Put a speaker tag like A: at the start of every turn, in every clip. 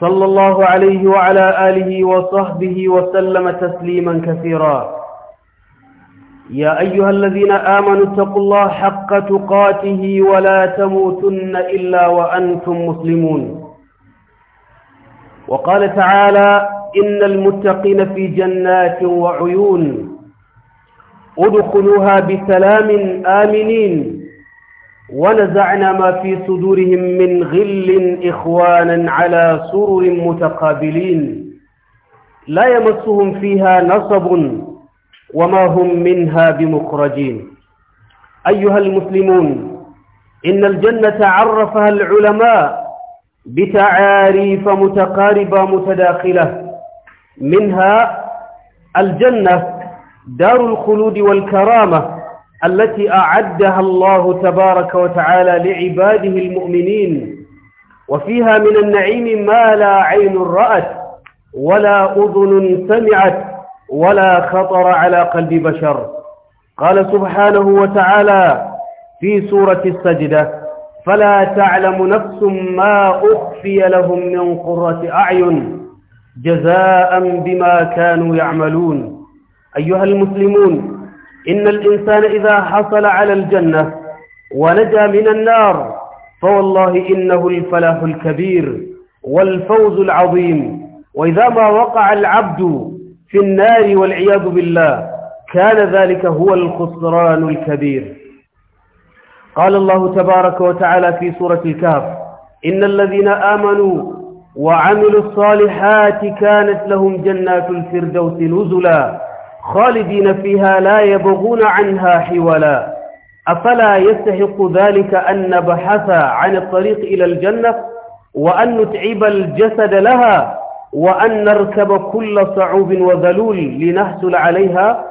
A: صلى الله عليه وعلى آله وصحبه وسلم تسليما كثيرا يا أيها الذين آمنوا اتقوا الله حق تقاته ولا تموتن إلا وأنتم مسلمون وقال تعالى إن المتقين في جنات وعيون ادخلوها بسلام آمنين ونزعنا ما في صدورهم من غل إخوانا على سرر متقابلين لا يمسهم فيها نصب وما هم منها بمخرجين أيها المسلمون إن الجنة عرفها العلماء بتعاريف متقاربة متداخلة منها الجنة دار الخلود والكرامة التي أعدها الله تبارك وتعالى لعباده المؤمنين وفيها من النعيم ما لا عين رأت ولا أذن سمعت ولا خطر على قلب بشر قال سبحانه وتعالى في سورة السجدة فلا تعلم نفس ما أخفي لهم من قرة أعين جزاء بما كانوا يعملون أيها المسلمون إن الإنسان إذا حصل على الجنة ونجا من النار فوالله إنه الفلاح الكبير والفوز العظيم وإذا ما وقع العبد في النار والعياذ بالله كان ذلك هو الخسران الكبير قال الله تبارك وتعالى في سورة الكهف إن الذين آمنوا وعملوا الصالحات كانت لهم جنات الفردوس نزلا خالدين فيها لا يبغون عنها حولا أفلا يستحق ذلك أن نبحث عن الطريق إلى الجنة وأن نتعب الجسد لها وأن نركب كل صعوب وذلول لنحصل عليها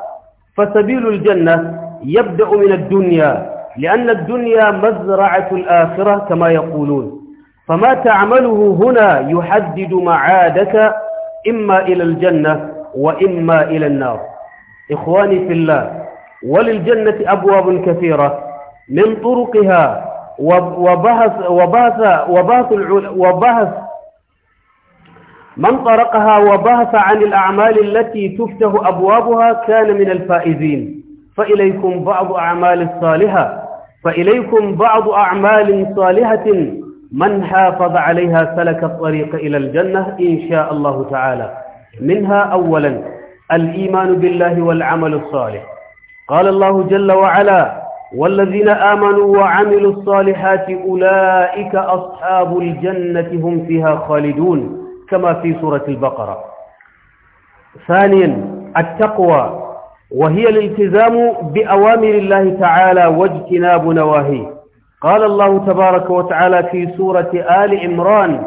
A: فسبيل الجنة يبدأ من الدنيا لأن الدنيا مزرعة الآخرة كما يقولون فما تعمله هنا يحدد معادك إما إلى الجنة وإما إلى النار إخواني في الله وللجنة أبواب كثيرة من طرقها وبحث وبحث وبحث وبحث من طرقها وبحث عن الأعمال التي تفتح أبوابها كان من الفائزين فإليكم بعض أعمال الصالحة فإليكم بعض أعمال صالحة من حافظ عليها سلك الطريق إلى الجنة إن شاء الله تعالى منها أولاً الإيمان بالله والعمل الصالح قال الله جل وعلا والذين آمنوا وعملوا الصالحات أولئك أصحاب الجنة هم فيها خالدون كما في سورة البقرة ثانيا التقوى وهي الالتزام بأوامر الله تعالى واجتناب نواهيه قال الله تبارك وتعالى في سورة آل عمران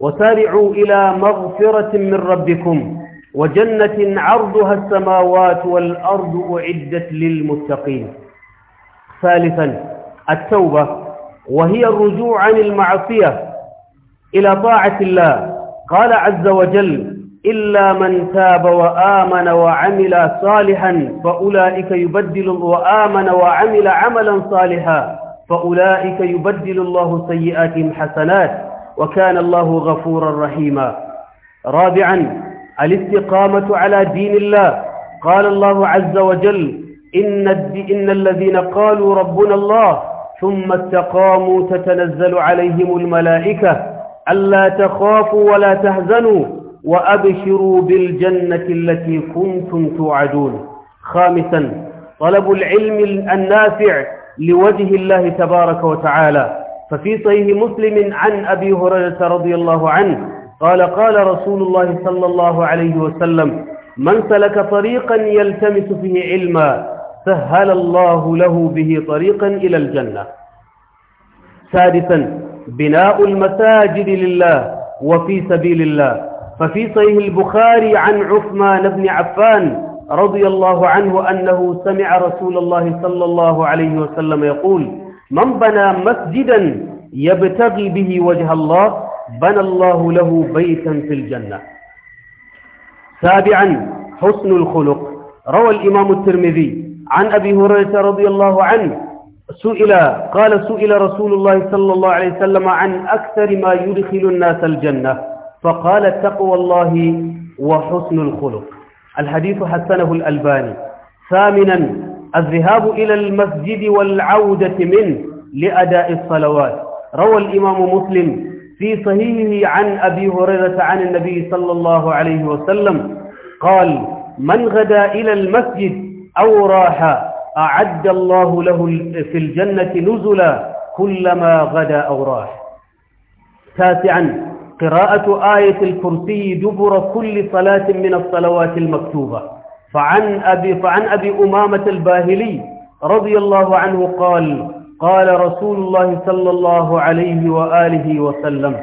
A: وسارعوا إلى مغفرة من ربكم وجنة عرضها السماوات والأرض أعدت للمتقين ثالثا التوبة وهي الرجوع عن المعصية إلى طاعة الله قال عز وجل إلا من تاب وآمن وعمل صالحا فأولئك يبدل وآمن وعمل عملا صالحا فأولئك يبدل الله سيئاتهم حسنات وكان الله غفورا رحيما رابعا الاستقامة على دين الله قال الله عز وجل إن, إن الذين قالوا ربنا الله ثم استقاموا تتنزل عليهم الملائكة ألا تخافوا ولا تهزنوا وأبشروا بالجنة التي كنتم توعدون خامسا طلب العلم النافع لوجه الله تبارك وتعالى ففي صحيح مسلم عن أبي هريرة رضي الله عنه قال قال رسول الله صلى الله عليه وسلم من سلك طريقا يلتمس فيه علما سهل الله له به طريقا إلى الجنة سادسا بناء المساجد لله وفي سبيل الله ففي صحيح البخاري عن عثمان بن عفان رضي الله عنه أنه سمع رسول الله صلى الله عليه وسلم يقول من بنى مسجدا يبتغي به وجه الله بنى الله له بيتا في الجنة سابعا حسن الخلق روى الإمام الترمذي عن أبي هريرة رضي الله عنه سئل قال سئل رسول الله صلى الله عليه وسلم عن أكثر ما يدخل الناس الجنة فقال تقوى الله وحسن الخلق الحديث حسنه الألباني ثامنا الذهاب إلى المسجد والعودة منه لأداء الصلوات روى الإمام مسلم في صحيحه عن أبي هريرة عن النبي صلى الله عليه وسلم قال من غدا إلى المسجد أو راح أعد الله له في الجنة نزلا كلما غدا أو راح تاسعا قراءة آية الكرسي دبر كل صلاة من الصلوات المكتوبة فعن أبي, فعن أبي أمامة الباهلي رضي الله عنه قال قال رسول الله صلى الله عليه وآله وسلم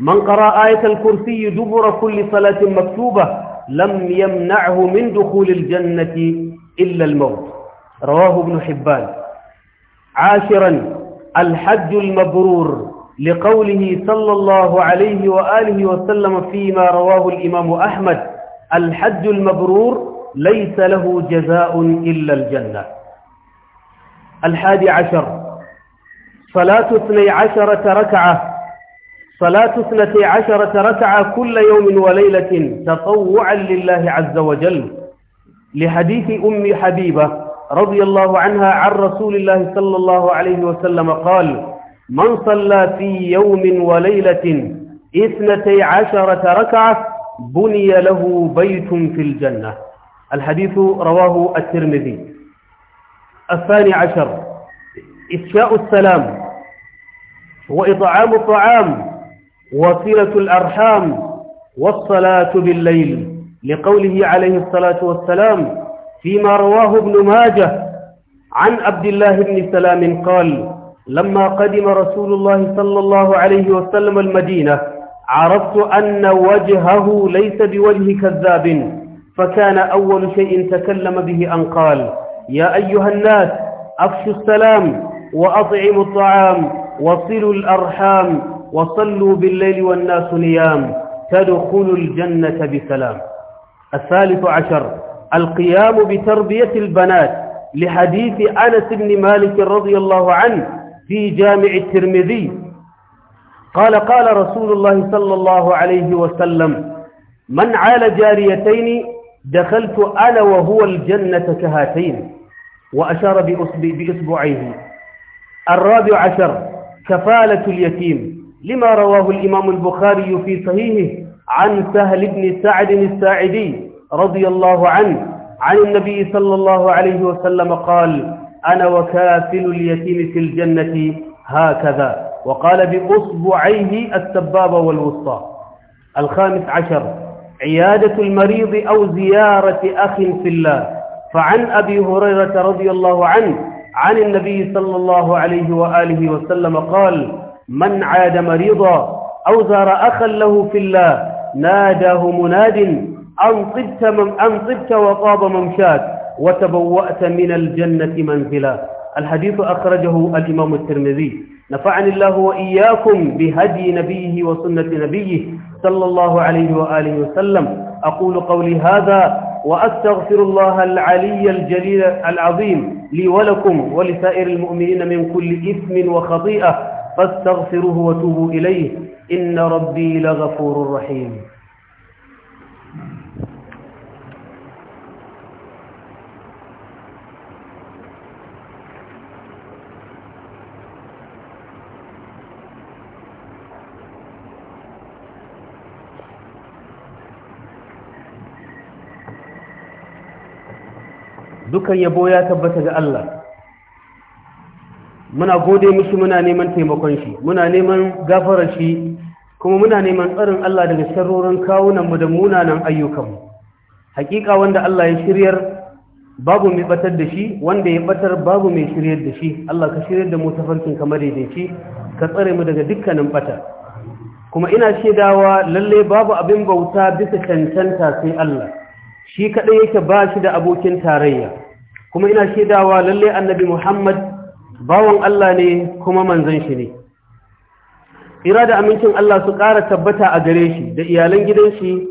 A: من قرأ آية الكرسي دبر كل صلاة مكتوبة لم يمنعه من دخول الجنة إلا الموت رواه ابن حبان عاشرا الحج المبرور لقوله صلى الله عليه وآله وسلم فيما رواه الإمام أحمد الحج المبرور ليس له جزاء إلا الجنة الحادي عشر صلاة اثني عشرة ركعة صلاة اثنتي عشرة ركعة كل يوم وليلة تطوعا لله عز وجل لحديث أم حبيبة رضي الله عنها عن رسول الله صلى الله عليه وسلم قال من صلى في يوم وليلة اثنتي عشرة ركعة بني له بيت في الجنة الحديث رواه الترمذي الثاني عشر إفشاء السلام وإطعام الطعام وصلة الأرحام والصلاة بالليل لقوله عليه الصلاة والسلام فيما رواه ابن ماجه عن عبد الله بن سلام قال لما قدم رسول الله صلى الله عليه وسلم المدينة عرفت أن وجهه ليس بوجه كذاب فكان أول شيء تكلم به أن قال يا أيها الناس أفشوا السلام وأطعموا الطعام وصلوا الأرحام وصلوا بالليل والناس نيام تدخلوا الجنة بسلام الثالث عشر القيام بتربية البنات لحديث أنس بن مالك رضي الله عنه في جامع الترمذي قال قال رسول الله صلى الله عليه وسلم من عال جاريتين دخلت أنا وهو الجنة كهاتين وأشار بإصبعيه الرابع عشر كفالة اليتيم لما رواه الإمام البخاري في صحيحه عن سهل بن سعد الساعدي رضي الله عنه عن النبي صلى الله عليه وسلم قال أنا وكافل اليتيم في الجنة هكذا وقال بأصبعيه السبابة والوسطى الخامس عشر عيادة المريض أو زيارة أخ في الله فعن أبي هريرة رضي الله عنه عن النبي صلى الله عليه وآله وسلم قال من عاد مريضا أو زار أخا له في الله ناداه مناد أن طبت, من أن طبت وطاب ممشاك وتبوأت من الجنة منزلا الحديث أخرجه الإمام الترمذي نفعني الله وإياكم بهدي نبيه وسنة نبيه صلى الله عليه وآله وسلم أقول قولي هذا وأستغفر الله العلي الجليل العظيم لي ولكم ولسائر المؤمنين من كل إثم وخطيئة فاستغفروه وتوبوا إليه إن ربي لغفور رحيم dukan yabo ya tabbata ga Allah muna gode mishi muna neman taimakon shi muna neman gafarar shi kuma muna neman tsarin Allah daga sharrorin mu da munanan ayyukanmu hakika wanda Allah ya shiryar babu mai batar da shi wanda ya batar babu mai shiryar da shi Allah ka shiryar da mu tafarkin kamar shi, ka tsare mu daga dukkanin bata kuma ina shaidawa lalle babu abin bauta bisa cancanta sai Allah shi kaɗai yake ba shi da abokin tarayya kuma ina shaidawa lalle annabi Muhammad bawan Allah ne kuma manzon shi ne ira da amincin Allah su ƙara tabbata a gare shi da iyalan gidan shi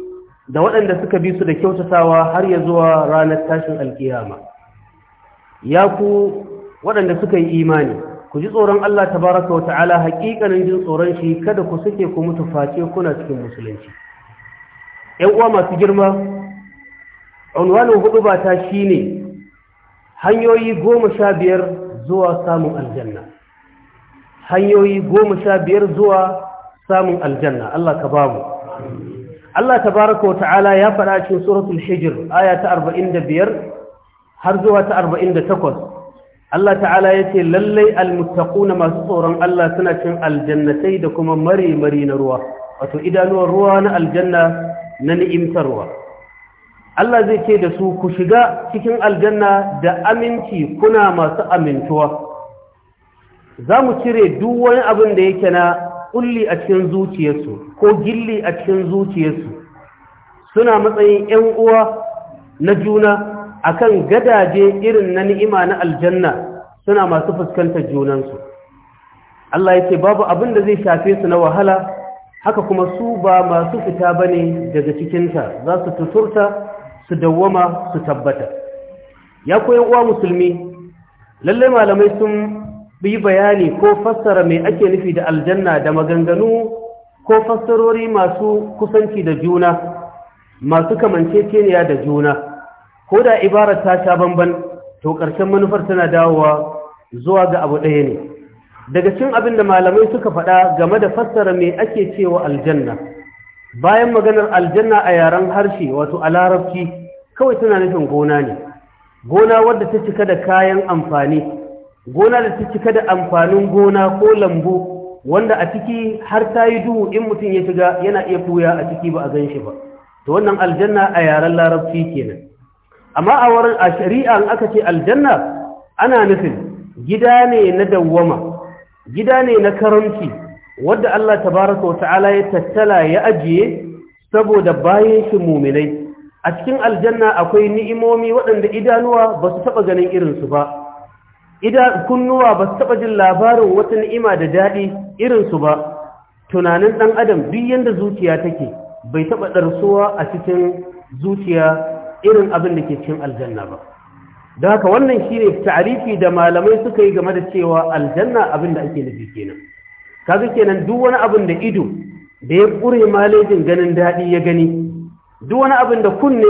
A: da waɗanda suka bi su da kyautatawa har ya zuwa ranar tashin alkiyama ya ku waɗanda suka yi imani ku ji tsoron Allah tabaraka wa ta'ala haƙiƙanin jin tsoron shi kada ku suke ku mutu face kuna cikin musulunci ƴan uwa masu girma unwanin hudu ba ta shine hanyoyi goma sha biyar zuwa samun aljanna hanyoyi goma sha biyar zuwa samun aljanna Allah ka bamu Allah tabaraka wa ta'ala ya faɗa cikin suratul hijr aya ta 45 har zuwa ta 48 Allah ta'ala ya ce lallai almuttaquna masu tsoron Allah suna cin aljannatai da kuma mari mari na ruwa wato idanuwar ruwa na aljanna na ni'imtar ruwa Allah zai ce da su ku shiga cikin aljanna da aminci kuna masu amintuwa za mu cire duk wani abin da yake na ƙulli a cikin zuciyarsu ko gilli a cikin zuciyarsu suna matsayin 'yan uwa na juna akan gadaje irin na ni'ima na aljanna suna masu fuskantar junansu Allah yake babu abin da zai shafe su na wahala haka kuma su ba masu fita bane daga cikinta za su tuturta su dawwama su tabbata ya koyan uwa musulmi lalle malamai sun bi bayani ko fassara mai ake nufi da aljanna da maganganu ko fassarori masu kusanci da juna masu kamanceceniya da juna ko da ibarar ta sha banban to ƙarshen manufar tana dawowa zuwa ga abu ɗaya ne daga cin abin da malamai suka faɗa game da fassara mai ake cewa aljanna bayan maganar aljanna a yaren harshe wato a larabci kawai tana nufin gona ne gona wadda ta cika da kayan amfani gona da ta cika da amfanin gona ko lambu wanda a ciki har ta yi duhu in mutum ya shiga yana iya buya a ciki ba a gan shi ba to wannan aljanna a yaren larabci kenan amma a wurin a shari'a in aka ce aljanna ana nufin gida ne na dawwama gida ne na karamci wadda Allah tabaraka wa ta'ala ya tattala ya ajiye saboda bayan shi muminai a cikin aljanna akwai ni'imomi waɗanda idanuwa ba su taɓa ganin irinsu ba idan kunnuwa ba su taɓa jin labarin wata ni'ima da daɗi irinsu ba tunanin ɗan adam duk yadda zuciya take bai taɓa ɗarsuwa a cikin zuciya irin abin da ke cikin aljanna ba da haka wannan shi ne ta'arifi da malamai suka yi game da cewa aljanna abin da ake nufi kenan kaga kenan duk wani abin da ido da ya ƙure malejin ganin daɗi ya gani duk wani abin da kunne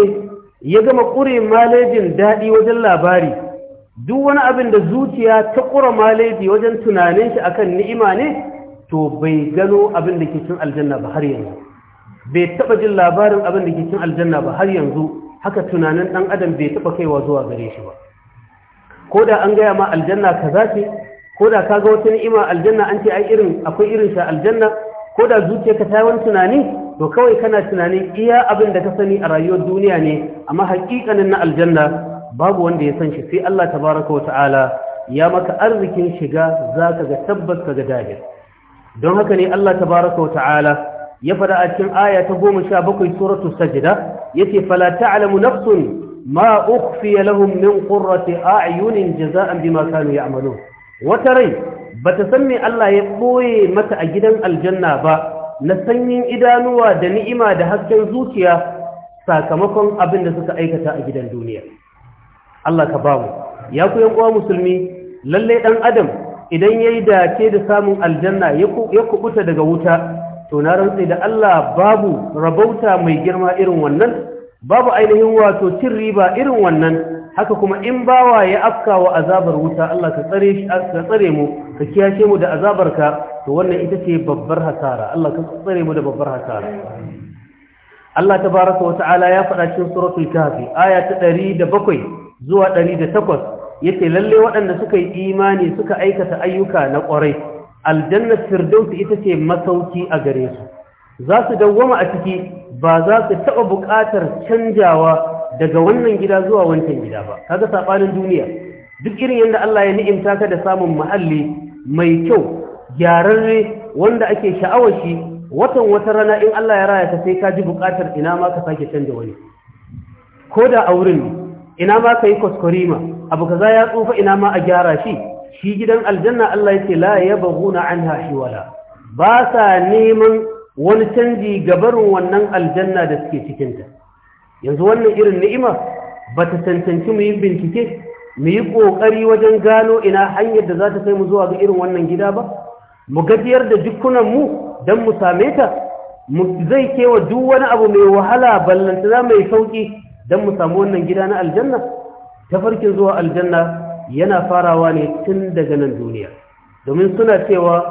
A: ya gama ƙure malejin daɗi wajen labari duk wani abin da zuciya ta ƙura maleji wajen tunanin shi akan ni'ima ne to bai gano abin da ke cin aljanna ba har yanzu bai taɓa jin labarin abin da ke cin aljanna ba har yanzu haka tunanin ɗan adam bai taɓa kaiwa zuwa gare shi ba ko da an gaya ma aljanna kaza ce ko da ka ga wata ni'ima aljanna an ce ai irin akwai irin sha aljanna ko da zuciyarka ta wani tunani to kawai kana tunanin iya abin da ka sani a rayuwar duniya ne amma haƙiƙanin na aljanna babu wanda ya san shi sai Allah tabaraka wata'ala ya maka arzikin shiga zaka ga tabbas ka ga dahir don haka ne Allah tabaraka wata'ala ya faɗa a cikin aya ta 17 suratu sajda yace fala ta'lamu nafsun ma ukhfiya lahum min qurrati a'yunin jaza'an bima kanu ya'malun wata rai ba ta san me Allah ya ɓoye mata a gidan aljanna ba na sanyin idanuwa da ni'ima da hasken zuciya sakamakon abin da suka aikata a gidan duniya Allah ka ba mu ya ku yan uwa musulmi lalle dan adam idan yayi dace da samun aljanna ya kubuta daga wuta to na rantse da Allah babu rabauta mai girma irin wannan babu ainihin wato cin riba irin wannan haka kuma in bawa ya afka wa azabar wuta Allah ka tsare shi ka tsare mu ka kiyashe mu da azabarka to wannan ita ce babbar hasara Allah ka tsare mu da babbar hasara Allah tabaraka wa ta'ala ya faɗa cikin suratul kahfi aya ta 107 zuwa 108 yace lalle waɗanda suka yi imani suka aikata ayyuka na ƙwarai aljanna firdaus ita ce masauki a gare su za su dawwama a ciki ba za su taɓa buƙatar canjawa daga wannan gida zuwa wancan gida ba kaga sabanin duniya duk irin yanda Allah ya ni'imta ka da samun muhalli mai kyau gyararre wanda ake sha'awar shi watan wata rana in Allah ya raya ka sai ka ji bukatar ina ma ka sake canja wani ko da a wurin ina ma ka yi kwaskwarima abu kaza ya tsufa ina ma a gyara shi shi gidan aljanna Allah yake la yabghuna anha hiwala ba sa neman wani canji ga barin wannan aljanna da suke cikin ta yanzu wannan irin ni'ima ba ta cancanci mu yi bincike mu yi ƙoƙari wajen gano ina hanyar da za ta kai mu zuwa ga irin wannan gida ba mu gajiyar da jikunanmu don mu same ta zai kewa duk wani abu mai wahala za mai sauƙi don mu samu wannan gida na aljanna tafarkin zuwa aljanna yana farawa ne tun daga nan duniya domin suna cewa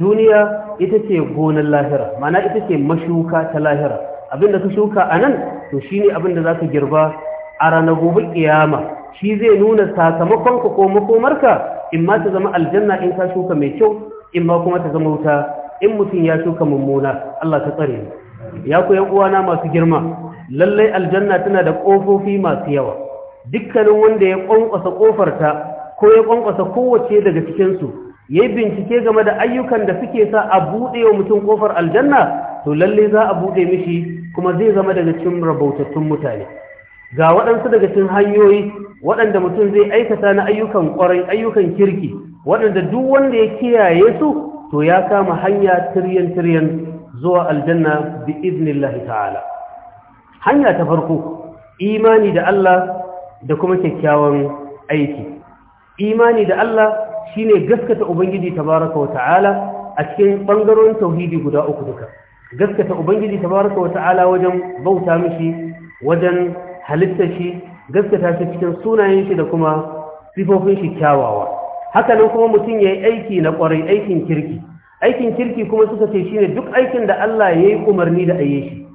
A: duniya ita ce gonar lahira mana ita ce mashuka ta lahira abinda ka shuka a nan to shi ne abinda za ka girba a ranar gobe ƙiyama shi zai nuna sakamakon ka ko makomarka in ma ta zama aljanna in ka shuka mai kyau in ma kuma ta zama wuta in mutum ya shuka mummuna Allah ta tsare ya ku yan uwana masu girma lallai aljanna tana da ƙofofi masu yawa dukkanin wanda ya ƙwanƙwasa ƙofarta ko ya ƙwanƙwasa kowace daga cikinsu ya bincike game da ayyukan da suke sa a buɗe wa mutum ƙofar aljanna to lallai za a buɗe mishi kuma zai zama daga cikin rabautattun mutane ga waɗansu daga cikin hanyoyi waɗanda mutum zai aikata na ayyukan ƙwarai ayyukan kirki waɗanda duk wanda ya kiyaye su to ya kama hanya tiryan tiryan zuwa aljanna bi iznillahi ta'ala hanya ta farko imani da Allah da kuma kyakkyawan aiki imani da Allah shine gaskata ubangiji tabaraka wa ta'ala a cikin bangarorin tauhidi guda uku duka gaskata ubangiji tabaraka wata'ala wajen bauta mishi wajen halitta shi gaskata shi cikin sunayen shi da kuma sifofin shi kyawawa haka nan kuma mutum yayi aiki na kwarai aikin kirki aikin kirki kuma suka ce shine duk aikin da Allah yayi umarni da ayi shi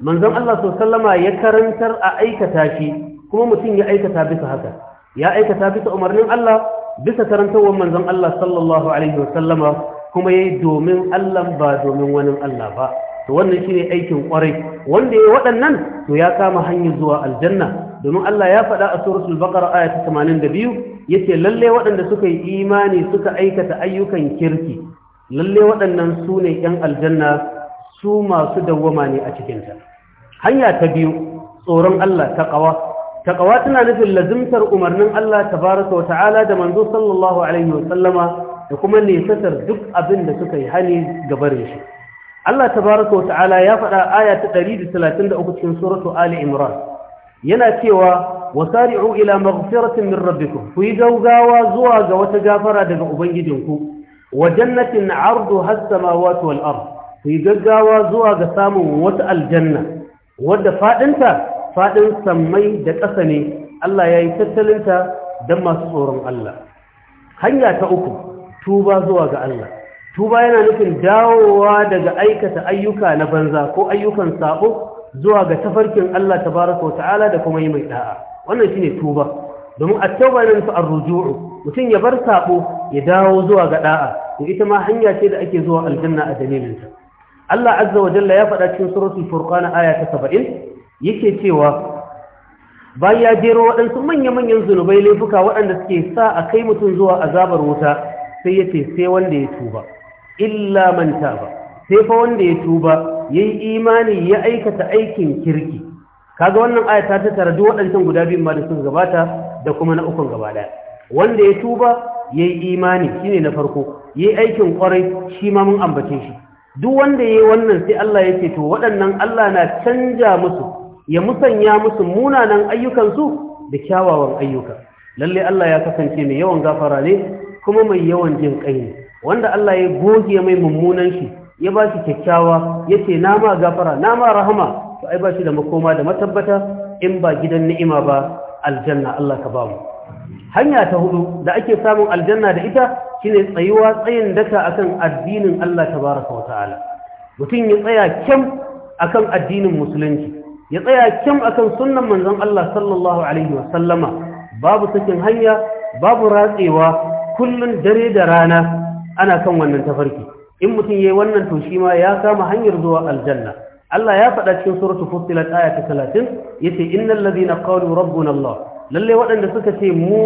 A: manzon Allah sallama ya karantar a aikata shi kuma mutum ya aikata bisa haka ya aikata bisa umarnin Allah bisa karantawar manzon Allah sallallahu alaihi wasallama kuma ya yi domin Allah ba domin wani Allah ba to wannan shine aikin kwarai wanda ya yi waɗannan to ya kama hanyar zuwa aljanna domin Allah ya faɗa a suratul baqara aya ta 82 ce lallai waɗanda suka yi imani suka aikata ayyukan kirki lallai waɗannan su ne 'yan aljanna su masu dawwama ne a cikinta hanya ta biyu tsoron Allah Ta ƙawa tana nufin lazimtar umarnin Allah Wa. Ta'ala da manzo sallallahu alaihi sallama. da kuma nesatar duk abin da suka yi hani gabarin shi Allah tabaraka wata'ala ya faɗa aya ta 133 cikin suratu Ali Imran yana cewa wasari'u ila maghfiratin min rabbikum ku yi gaugawa zuwa ga wata gafara daga ubangijinku wa jannatin 'arduha as-samawati wal ard ku yi gaggawa zuwa ga samun wata aljanna wadda fadinta fadin sammai da ƙasa ne Allah ya yi tattalinta don masu tsoron Allah hanya ta uku tuba zuwa ga Allah tuba yana nufin dawowa daga aikata ayyuka na banza ko ayyukan sabo zuwa ga tafarkin Allah tabaraka ta'ala da kuma yi mai da'a wannan shine tuba domin at-tauba yana nufin ar-ruju'u mutum ya bar sabo ya dawo zuwa ga da'a to ita ma hanya ce da ake zuwa aljanna a dalilin ta. Allah azza wa jalla ya faɗa cikin suratul furqan aya ta 70 yake cewa bayan ya jero waɗansu manya-manyan zunubai laifuka waɗanda suke sa a kai mutum zuwa azabar wuta sai ya ce sai wanda ya tuba illa manta ba sai fa wanda ya tuba yayi imani ya aikata aikin kirki kaga wannan aya ta tara duk waɗancan guda biyu ma da sun gabata da kuma na ukun gaba daya wanda ya tuba yayi imani shine na farko yayi aikin kwarai shi ma mun ambace shi duk wanda yayi wannan sai Allah ya ce to waɗannan Allah na canja musu ya musanya musu munanan ayyukansu da kyawawan ayyuka lalle Allah ya kasance mai yawan gafara ne kuma mai yawan jin kai ne wanda Allah ya goge mai mummunan shi ya ba shi kyakkyawa ya ce nama gafara nama rahama to ai ba shi da makoma da matabbata in ba gidan ni'ima ba aljanna Allah ka ba mu hanya ta hudu da ake samun aljanna da ita shine tsayuwa tsayin daka akan addinin Allah tabaraka wa ta'ala mutum ya tsaya kyam akan addinin musulunci ya tsaya kyam akan sunnan manzon Allah sallallahu alaihi wa sallama babu sakin hanya babu ratsewa kullun dare da rana ana kan wannan tafarki in mutum yayi wannan to shi ma ya kama hanyar zuwa aljanna Allah ya faɗa cikin suratul fussilat aya ta 30 yace innal ladina qalu rabbuna Allah lalle waɗanda suka ce mu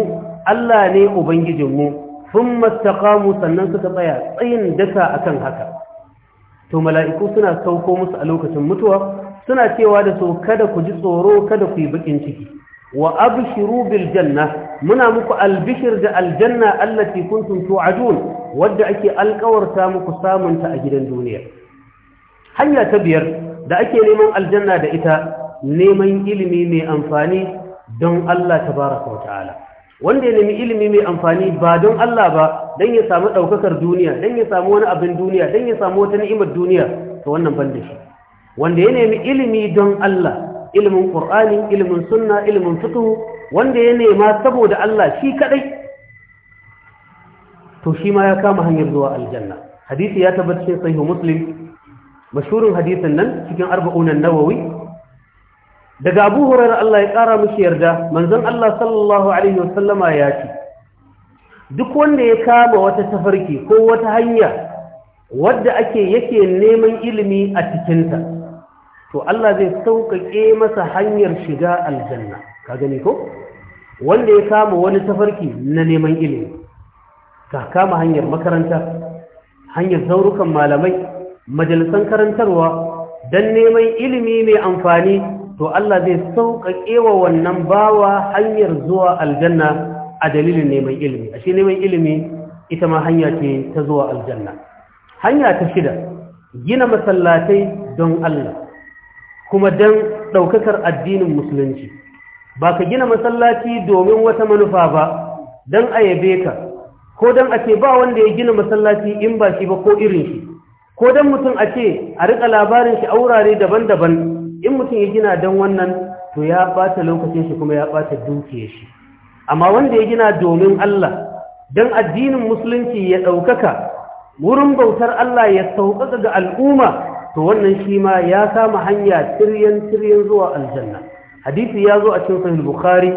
A: Allah ne ubangijinmu sun mastaƙamu sannan suka tsaya tsayin daka akan haka to mala'iku suna sauko musu a lokacin mutuwa suna cewa da su kada ku ji tsoro kada ku yi bakin ciki wa abshiru bil janna muna muku albishir da aljanna allati kuntum tu'adun wadda ake alƙawarta muku samunta a gidan duniya hanya ta biyar da ake neman aljanna da ita neman ilimi mai amfani don Allah tabaraka wa wanda ya nemi ilimi mai amfani ba don Allah ba don ya samu ɗaukakar duniya don ya samu wani abin duniya don ya samu wata ni'imar duniya to wannan ban da shi wanda ya nemi ilimi don Allah ilimin Qur'ani ilimin sunna ilimin fiqh wanda ya nema saboda Allah shi kadai to shi ma ya kama hanyar zuwa aljanna hadisi ya tabbata cikin sahih muslim mashhurin hadisin nan cikin arba'unan nawawi daga abu hurairah Allah ya kara mishi yarda manzon Allah sallallahu alaihi wasallama ya ce duk wanda ya kama wata tafarki ko wata hanya wadda ake yake neman ilimi a cikinta to Allah zai sauƙaƙe masa hanyar shiga aljanna ka gani ko wanda ya kama wani tafarki na neman ilimi ka kama hanyar makaranta hanyar zaurukan malamai majalisan karantarwa don neman ilimi mai amfani to Allah zai sauƙaƙe wa wannan bawa hanyar zuwa aljanna a dalilin neman ilimi a shi neman ilimi ita ma hanya ce ta zuwa aljanna hanya ta shida gina masallatai don Allah kuma dan ɗaukakar addinin musulunci ba ka gina masallaci domin wata manufa ba dan a yabe ka ko don a ce ba wanda ya gina masallaci in ba shi ba ko irin shi ko dan mutum a ce a riƙa labarin shi a wurare daban-daban in mutum ya gina dan wannan to ya ɓata lokacin shi kuma ya ɓata dukiyar shi amma wanda ya gina domin Allah dan addinin musulunci ya ɗaukaka wurin bautar Allah ya sauƙaƙa ga al'umma to wannan shi ma ya kama hanya tiryan tiryan zuwa aljanna hadisi ya zo a cikin sahih bukhari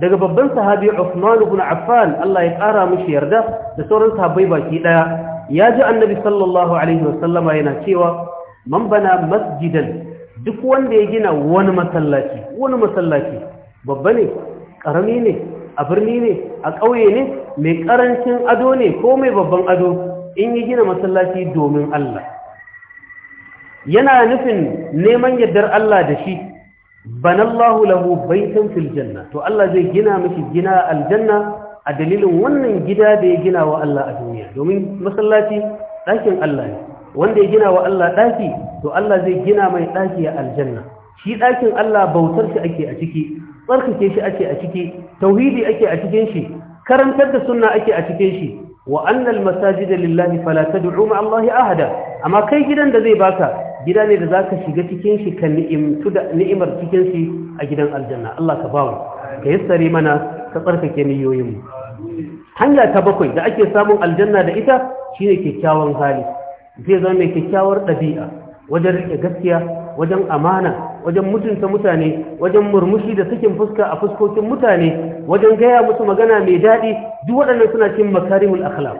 A: daga babban sahabi Uthman ibn Affan Allah ya kara mishi yarda da sauran sahabbai baki daya ya ji annabi sallallahu alaihi wasallama yana cewa man bana masjidan duk wanda ya gina wani masallaci wani masallaci babba ne karami ne a birni ne a ƙauye ne mai karancin ado ne ko mai babban ado in ya gina masallaci domin Allah yana nufin neman yardar Allah da shi banallahu lahu baitan fil janna to Allah zai gina miki gina aljanna a dalilin wannan gida da ya gina wa Allah a duniya domin masallaci ɗakin Allah ne wanda ya gina wa Allah ɗaki to Allah zai gina mai ɗaki a aljanna shi ɗakin Allah bautar shi ake a ciki tsarkake shi ake a ciki tauhidi ake a cikin shi karantar da sunna ake a cikin shi wa annal masajida lillahi fala tad'u ma Allah ahada amma kai gidan da zai baka gida ne da zaka shiga cikin shi ka ni'imtu da ni'imar cikin shi a gidan aljanna Allah ka bawa ka yassare mana ka tsarkake niyoyin mu hanya ta bakwai da ake samun aljanna da ita shine kyakkyawan hali zai zama mai kyakkyawar ɗabi'a wajen riƙe gaskiya wajen amana wajen mutunta mutane wajen murmushi da sakin fuska a fuskokin mutane wajen gaya musu magana mai daɗi duk waɗannan suna cin makarimul akhlaq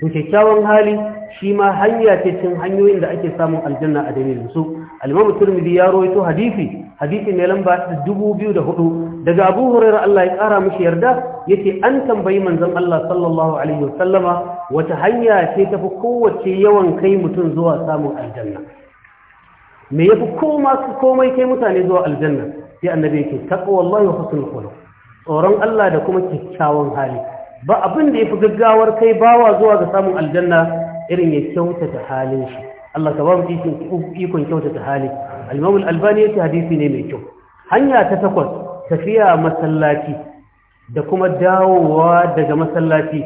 A: to kyakkyawan hali shi ma hanya ce cin hanyoyin da ake samun aljanna a dalilin su al-imam turmidi ya rawaito hadisi hadisi ne lamba 2004 daga abu hurairah Allah ya kara mishi yarda yace an tambayi manzon Allah sallallahu alaihi wasallama wata hanya ce tafi kowace yawan kai mutum zuwa samun aljanna me yafi koma komai kai mutane zuwa aljanna sai annabi yake taqwallahi wa husnul khuluq tsoron Allah da kuma kyakkyawan hali ba abin da ya fi gaggawar kai bawa zuwa ga samun aljanna irin ya kyautata halin shi Allah ka ba mu ikon kyautata hali al-Imam al-Albani yace hadisi ne mai kyau hanya ta takwas tafiya masallaci da kuma dawowa daga masallaci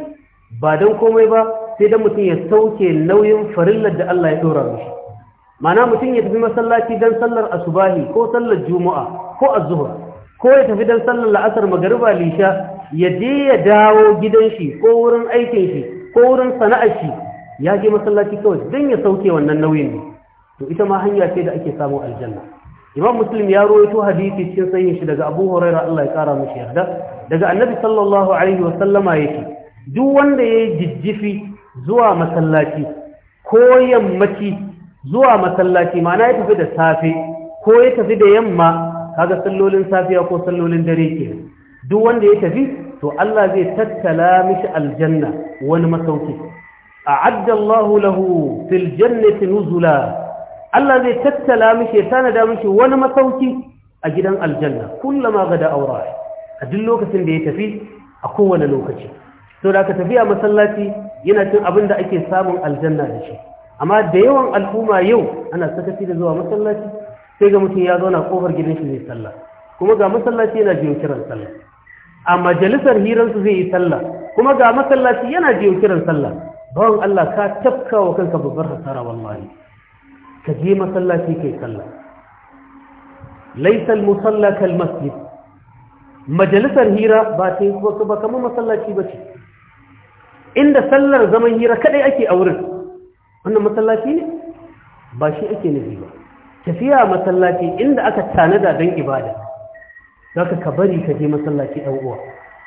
A: ba dan komai ba sai dan mutum ya sauke nauyin farillar da Allah ya dora mishi ma'ana mutum ya tafi masallaci dan sallar asubahi ko sallar juma'a ko az-zuhr ko ya tafi don sallar la'asar magariba lisha ya je ya dawo gidan shi ko wurin aikin shi ko wurin sana'ar shi ya je masallaci kawai don ya sauke wannan nauyin ne to ita ma hanya ce da ake samu aljanna imam muslim ya rawaito hadisi cikin sahihin shi daga abu huraira Allah ya kara mishi yarda daga annabi sallallahu alaihi wa sallama yake duk wanda yayi jijjifi zuwa masallaci ko yammaci zuwa masallaci ma'ana ya tafi da safe ko ya tafi da yamma kaga sallolin safiya ko sallolin dare ke duk wanda ya tafi to Allah zai tattala mishi aljanna wani masauki a'adda Allahu lahu fil jannati nuzula Allah zai tattala mishi tanada mishi wani masauki a gidan aljanna kullama gada aura a duk lokacin da ya tafi a kowane lokaci to da ka tafiya masallaci yana cin abin da ake samun aljanna da shi amma da yawan al'umma yau ana sakaci da zuwa masallaci sai ga mutum ya zauna kofar gidan shi zai sallah kuma ga masallaci yana jiyo kiran sallah a majalisar hiransu zai yi sallah kuma ga masallaci yana jiyo kiran sallah bawan Allah ka tafka wa kanka babbar hasara wallahi ka je masallaci kai sallah laisal musalla kal masjid majalisar hira ba ta yi wasu ba kamar masallaci ba ce inda sallar zaman hira kadai ake a wurin wannan masallaci ne ba shi ake nufi ba tafiya masallaci inda aka tanada don ibada za ka ka bari ka je masallaci ɗan uwa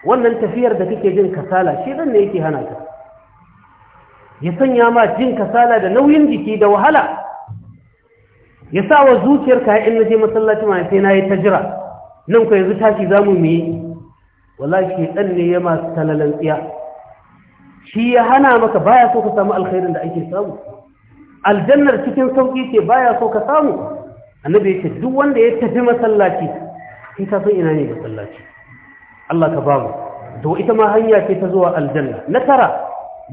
A: wannan tafiyar da kake jin kasala shi ɗan ne yake hana ka ya sanya ma jin kasala da nauyin jiki da wahala ya sa wa ka in na je masallaci ma sai na yi ta jira nan ku yanzu tashi za mu yi Wala shi ɗan ne ya masu talalan tsiya shi ya hana maka baya so ka samu alkhairin da ake samu aljannar cikin sauki ce baya so ka samu annabi ya ce duk wanda ya tafi masallaci sai ta san ina ne masallaci Allah ka ba mu to ita ma hanya ce ta zuwa aljanna na tara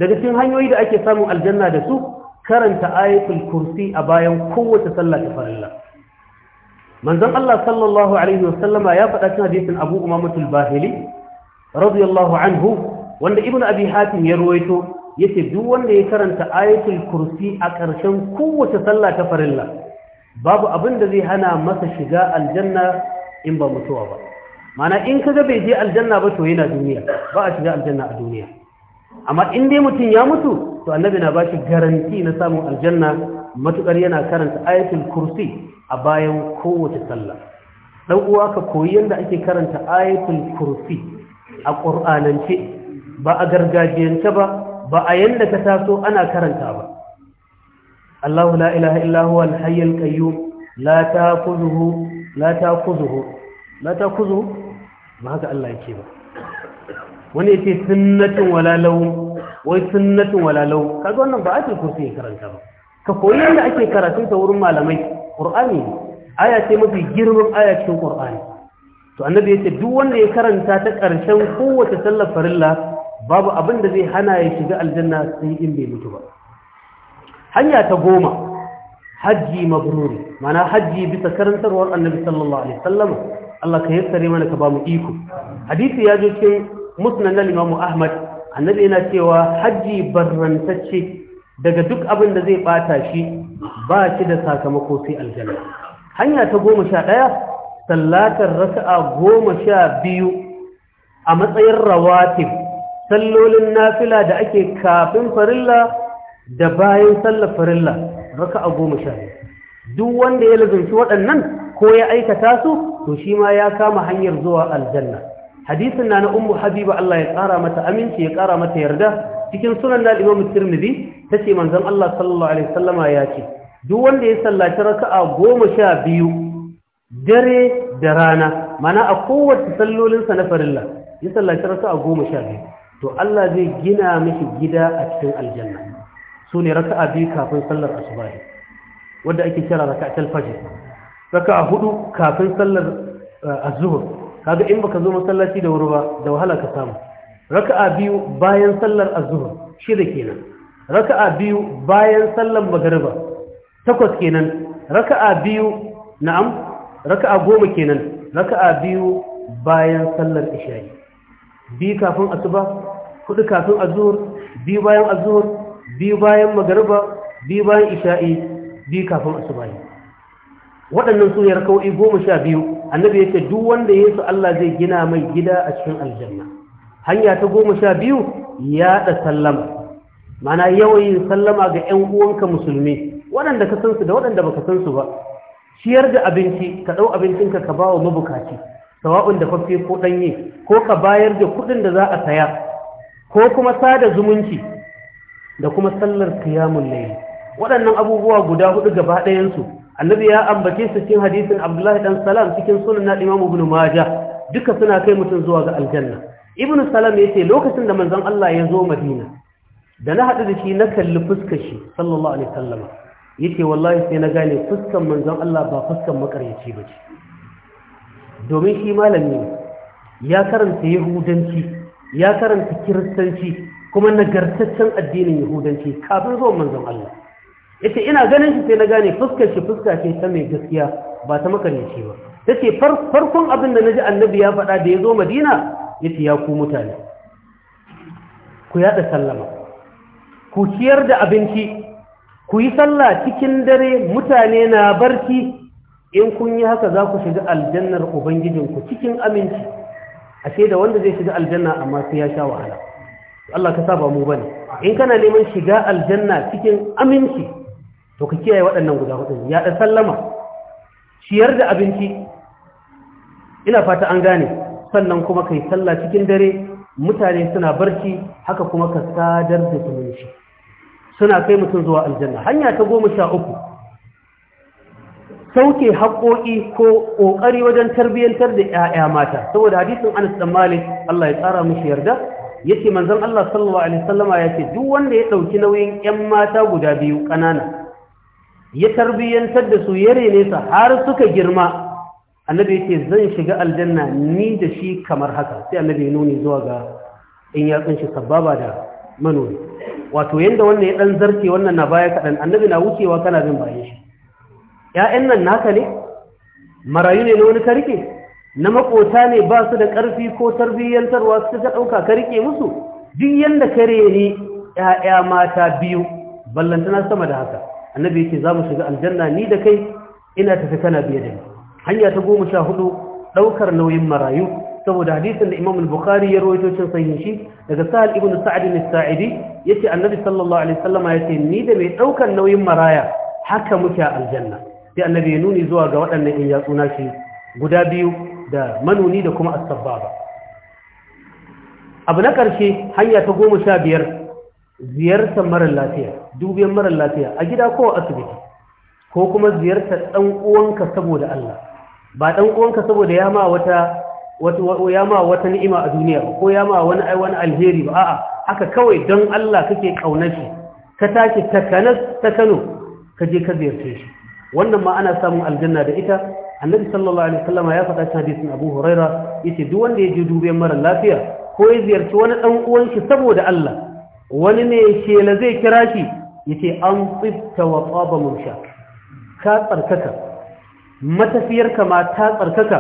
A: daga cikin hanyoyi da ake samun aljanna da su karanta ayatul kursi a bayan kowace sallah ta farilla manzon Allah sallallahu alaihi wasallama ya faɗa cikin hadisin Abu Umamatul Bahili radiyallahu anhu wanda Ibn Abi Hatim ya ruwaito yace duk wanda ya karanta ayatul kursi a ƙarshen kowace sallah ta farilla babu abin da zai hana masa shiga aljanna in ba mutuwa ba mana in kaga bai je aljanna ba to yana duniya ba a shiga aljanna a duniya amma in dai mutum ya mutu to annabi na bashi garanti na samun aljanna matukar yana karanta ayatul kursi a bayan kowace sallah dan uwa ka koyi yanda ake karanta ayatul kursi a qur'anance ba a gargajiyance ba ba a yanda ka taso ana karanta ba Allahu la ilaha illa huwa al-hayyul qayyum la ta'khudhuhu la ta'khudhuhu la ta'khudhuhu ba haka Allah yake ba wani yake sunnatun wala law wai sunnatun wala law kaga wannan ba a ayatul kursi ya karanta ba ka koyi yanda ake karatun ta wurin malamai qur'ani aya ce mafi girman aya cikin qur'ani to annabi yace duk wanda ya karanta ta ƙarshen kowace sallar farilla babu abin da zai hana ya shiga aljanna sai in bai mutu ba hanya ta goma hajji mabruri mana hajji bisa karantarwar annabi sallallahu alaihi wasallam Allah ka yassare mana ka bamu iko hadisi ya zo cikin musnad na Imam Ahmad annabi yana cewa hajji barrantacce daga duk abin da zai bata shi ba shi da sakamako sai aljanna hanya ta goma sha ɗaya sallatar raka'a goma sha biyu a matsayin rawatib sallolin nafila da ake kafin farilla da bayan sallar farilla raka a goma sha duk wanda ya lazumci waɗannan ko ya aikata su to shi ma ya kama hanyar zuwa aljanna hadisin na na ummu habiba Allah ya ƙara mata aminci ya ƙara mata yarda cikin sunan da imamu tirmidhi ta ce manzon Allah sallallahu alaihi sallama ya ce duk wanda ya sallaci raka'a goma sha biyu dare da rana mana a kowace sallolinsa na farilla ya sallaci raka'a goma sha biyu to Allah zai gina miki gida a cikin aljanna su ne raka'a biyu kafin sallar asubahi wanda ake kira raka'atul fajr raka'a hudu kafin sallar eh, azhur kaga in baka zo masallaci da wuri ba da wahala ka samu raka'a biyu bayan sallar azhur shida kenan raka'a biyu bayan sallar magriba takwas kenan raka'a biyu na'am raka'a goma kenan raka'a biyu bayan sallar isha'i bi kafin asuba hudu kafin azhur bi bayan azhur bi bayan magariba bi bayan isha'i bi kafin asuba waɗannan su ne rakawai goma sha biyu annabi ya ce duk wanda ya su Allah zai gina mai gida a cikin aljanna hanya ta goma sha biyu yaɗa sallama mana yawan sallama ga 'yan uwanka musulmi waɗanda ka san su da waɗanda baka san su ba ciyar da abinci ka ɗau abincinka ka ba wa mabukaci sawa'un da fafe ko ɗanye ko ka bayar da kuɗin da za a saya ko kuma sada zumunci da kuma sallar kiyamun layi waɗannan abubuwa guda hudu gaba ɗayansu annabi ya ambace su cikin hadisin abdullahi dan salam cikin sunan na imamu ibn maja duka suna kai mutum zuwa ga aljanna ibn salam ya ce lokacin da manzon Allah ya zo madina da na haɗu da shi na kalli fuskar shi sallallahu alaihi wasallama yace wallahi sai na gane fuskan manzon Allah ba fuskan makaryaci ba ce domin shi malami ya karanta yahudanci ya karanta kiristanci kuma nagartaccen addinin yahudanci kafin zuwan manzon Allah yace ina ganin shi sai na gane fuskar shi fuska ce ta mai gaskiya ba ta makaryaci ba tace farkon abin da naji annabi ya faɗa da ya zo Madina yace ya ku mutane ku yada sallama ku ciyar da abinci ku yi sallah cikin dare mutane na barci in kun yi haka za ku shiga aljannar ubangijinku cikin aminci ashe da wanda zai shiga aljanna amma sai ya sha wahala Allah ka saba mu bane in kana neman shiga aljanna cikin aminci to ka kiyaye waɗannan guda hudu ya da sallama ciyar da abinci ina fata an gane sannan kuma kai sallah cikin dare mutane suna barci haka kuma ka sadar da zumunci suna kai mutum zuwa aljanna hanya ta goma sha uku sauke haƙoƙi ko ƙoƙari wajen tarbiyyantar da 'ya'ya mata saboda hadisin Anas dan Malik Allah ya tsara mushi yarda yace manzan Allah sallallahu alaihi ya ce, duk wanda ya ɗauki nauyin 'yan mata guda biyu ƙanana ya tarbiyyantar da su yare nesa, har suka girma annabi ya ce zan shiga aljanna ni da shi kamar haka sai annabi ya nuni zuwa ga in ya sababa da manomi wato yadda wannan ya ɗan zarce wannan na baya kaɗan, annabi na wucewa kana bin bayan shi ‘ya'yan nan naka ne marayu ne na wani karke na makota ne ba su da ƙarfi ko tarbiyyantarwa su ta ɗauka karke musu duk yadda kare ne ‘ya'ya mata biyu ballantana sama da haka annabi yake za mu shiga aljanna ni da kai ina tafi kana biye da ni hanya ta goma sha hudu ɗaukar nauyin marayu saboda hadisin da Imam bukhari ya rawaito cin sahihin shi daga Sa'al ibn Sa'd al-Sa'idi yace Annabi sallallahu alaihi wasallam yace ni da mai ɗaukar nauyin maraya haka muke a aljanna sai annabi ya nuni zuwa ga waɗannan in yatsu nashi guda biyu da manuni da kuma asabbaba abu na ƙarshe hanya ta goma sha biyar ziyartar marar lafiya dubiyan marar lafiya a gida ko asibiti ko kuma ziyartar ɗan uwanka saboda Allah ba ɗan uwanka saboda ya ma wata ya ma wata ni'ima a duniya ko ya ma wani wani alheri ba a'a haka kawai don Allah kake kaunar shi ka tashi ta kanas ta Kano ka je ka ziyarce shi wannan ma ana samun aljanna da ita annabi sallallahu alaihi wasallam ya faɗa hadisin Abu Huraira yace duk wanda ya je dubiyan mara lafiya ko ya ziyarci wani dan uwan shi saboda Allah wani ne shela zai kira shi yace an tsibta wa taba mursha ka tsarkaka matafiyarka ma ta tsarkaka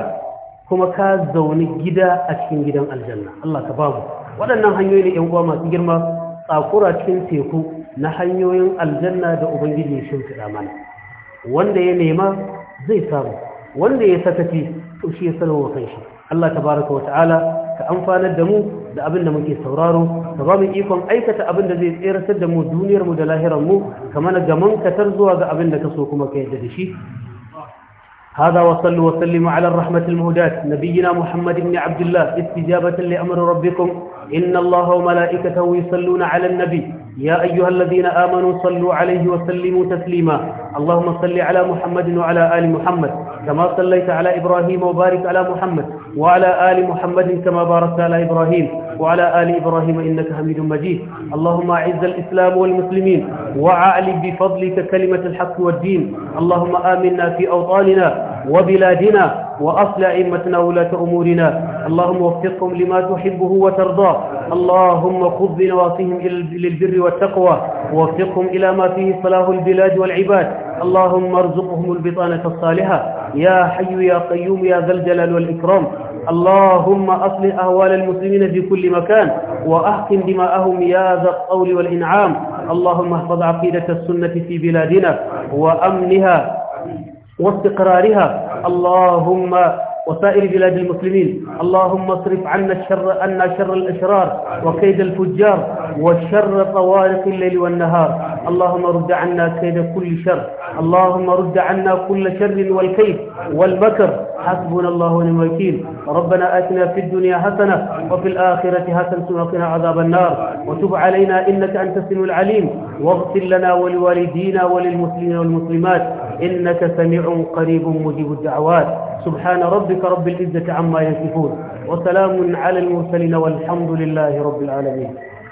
A: kuma ka zauni gida a cikin gidan aljanna Allah ka bamu waɗannan hanyoyi ne ƴan uwa masu girma tsakura cikin teku na hanyoyin aljanna da ubangiji ya shimfiɗa mana wanda ya nema zai samu wanda ya sakati to shi ya sanarwa kanshi Allah tabaraka wa ta'ala ka amfanar da mu da abin da muke sauraro ka ba mu ikon aikata abin da zai tseratar da mu duniyar mu da lahirar mu kamar ga mankatar zuwa ga abin da ka so kuma ka yadda da shi هذا وصلوا وسلموا على الرحمة المهداة نبينا محمد بن عبد الله استجابة لأمر ربكم إن الله وملائكته يصلون على النبي يا أيها الذين آمنوا صلوا عليه وسلموا تسليما اللهم صل على محمد وعلى آل محمد كما صليت على إبراهيم وبارك على محمد وعلى آل محمد كما باركت على إبراهيم وعلى آل إبراهيم إنك حميد مجيد اللهم أعز الإسلام والمسلمين وعلي بفضلك كلمة الحق والدين اللهم آمنا في أوطاننا وبلادنا وأصل أئمتنا ولاة أمورنا اللهم وفقهم لما تحبه وترضاه اللهم خذ بنواصيهم للبر والتقوى ووفقهم إلى ما فيه صلاح البلاد والعباد اللهم ارزقهم البطانة الصالحة يا حي يا قيوم يا ذا الجلال والإكرام اللهم أصلح أهوال المسلمين في كل مكان وأحكم دماءهم يا ذا القول والإنعام اللهم احفظ عقيدة السنة في بلادنا وأمنها واستقرارها اللهم وسائر بلاد المسلمين اللهم اصرف عنا الشر عنا شر الأشرار وكيد الفجار وشر طوارق الليل والنهار اللهم رد عنا كيد كل شر اللهم رد عنا كل شر والكيد والمكر حسبنا الله ونعم الوكيل ربنا آتنا في الدنيا حسنة وفي الآخرة حسنة وقنا عذاب النار وتب علينا إنك أنت السميع العليم واغفر لنا ولوالدينا وللمسلمين والمسلمات إنك سميع قريب مجيب الدعوات سبحان ربك رب العزة عما يصفون وسلام على المرسلين والحمد لله رب العالمين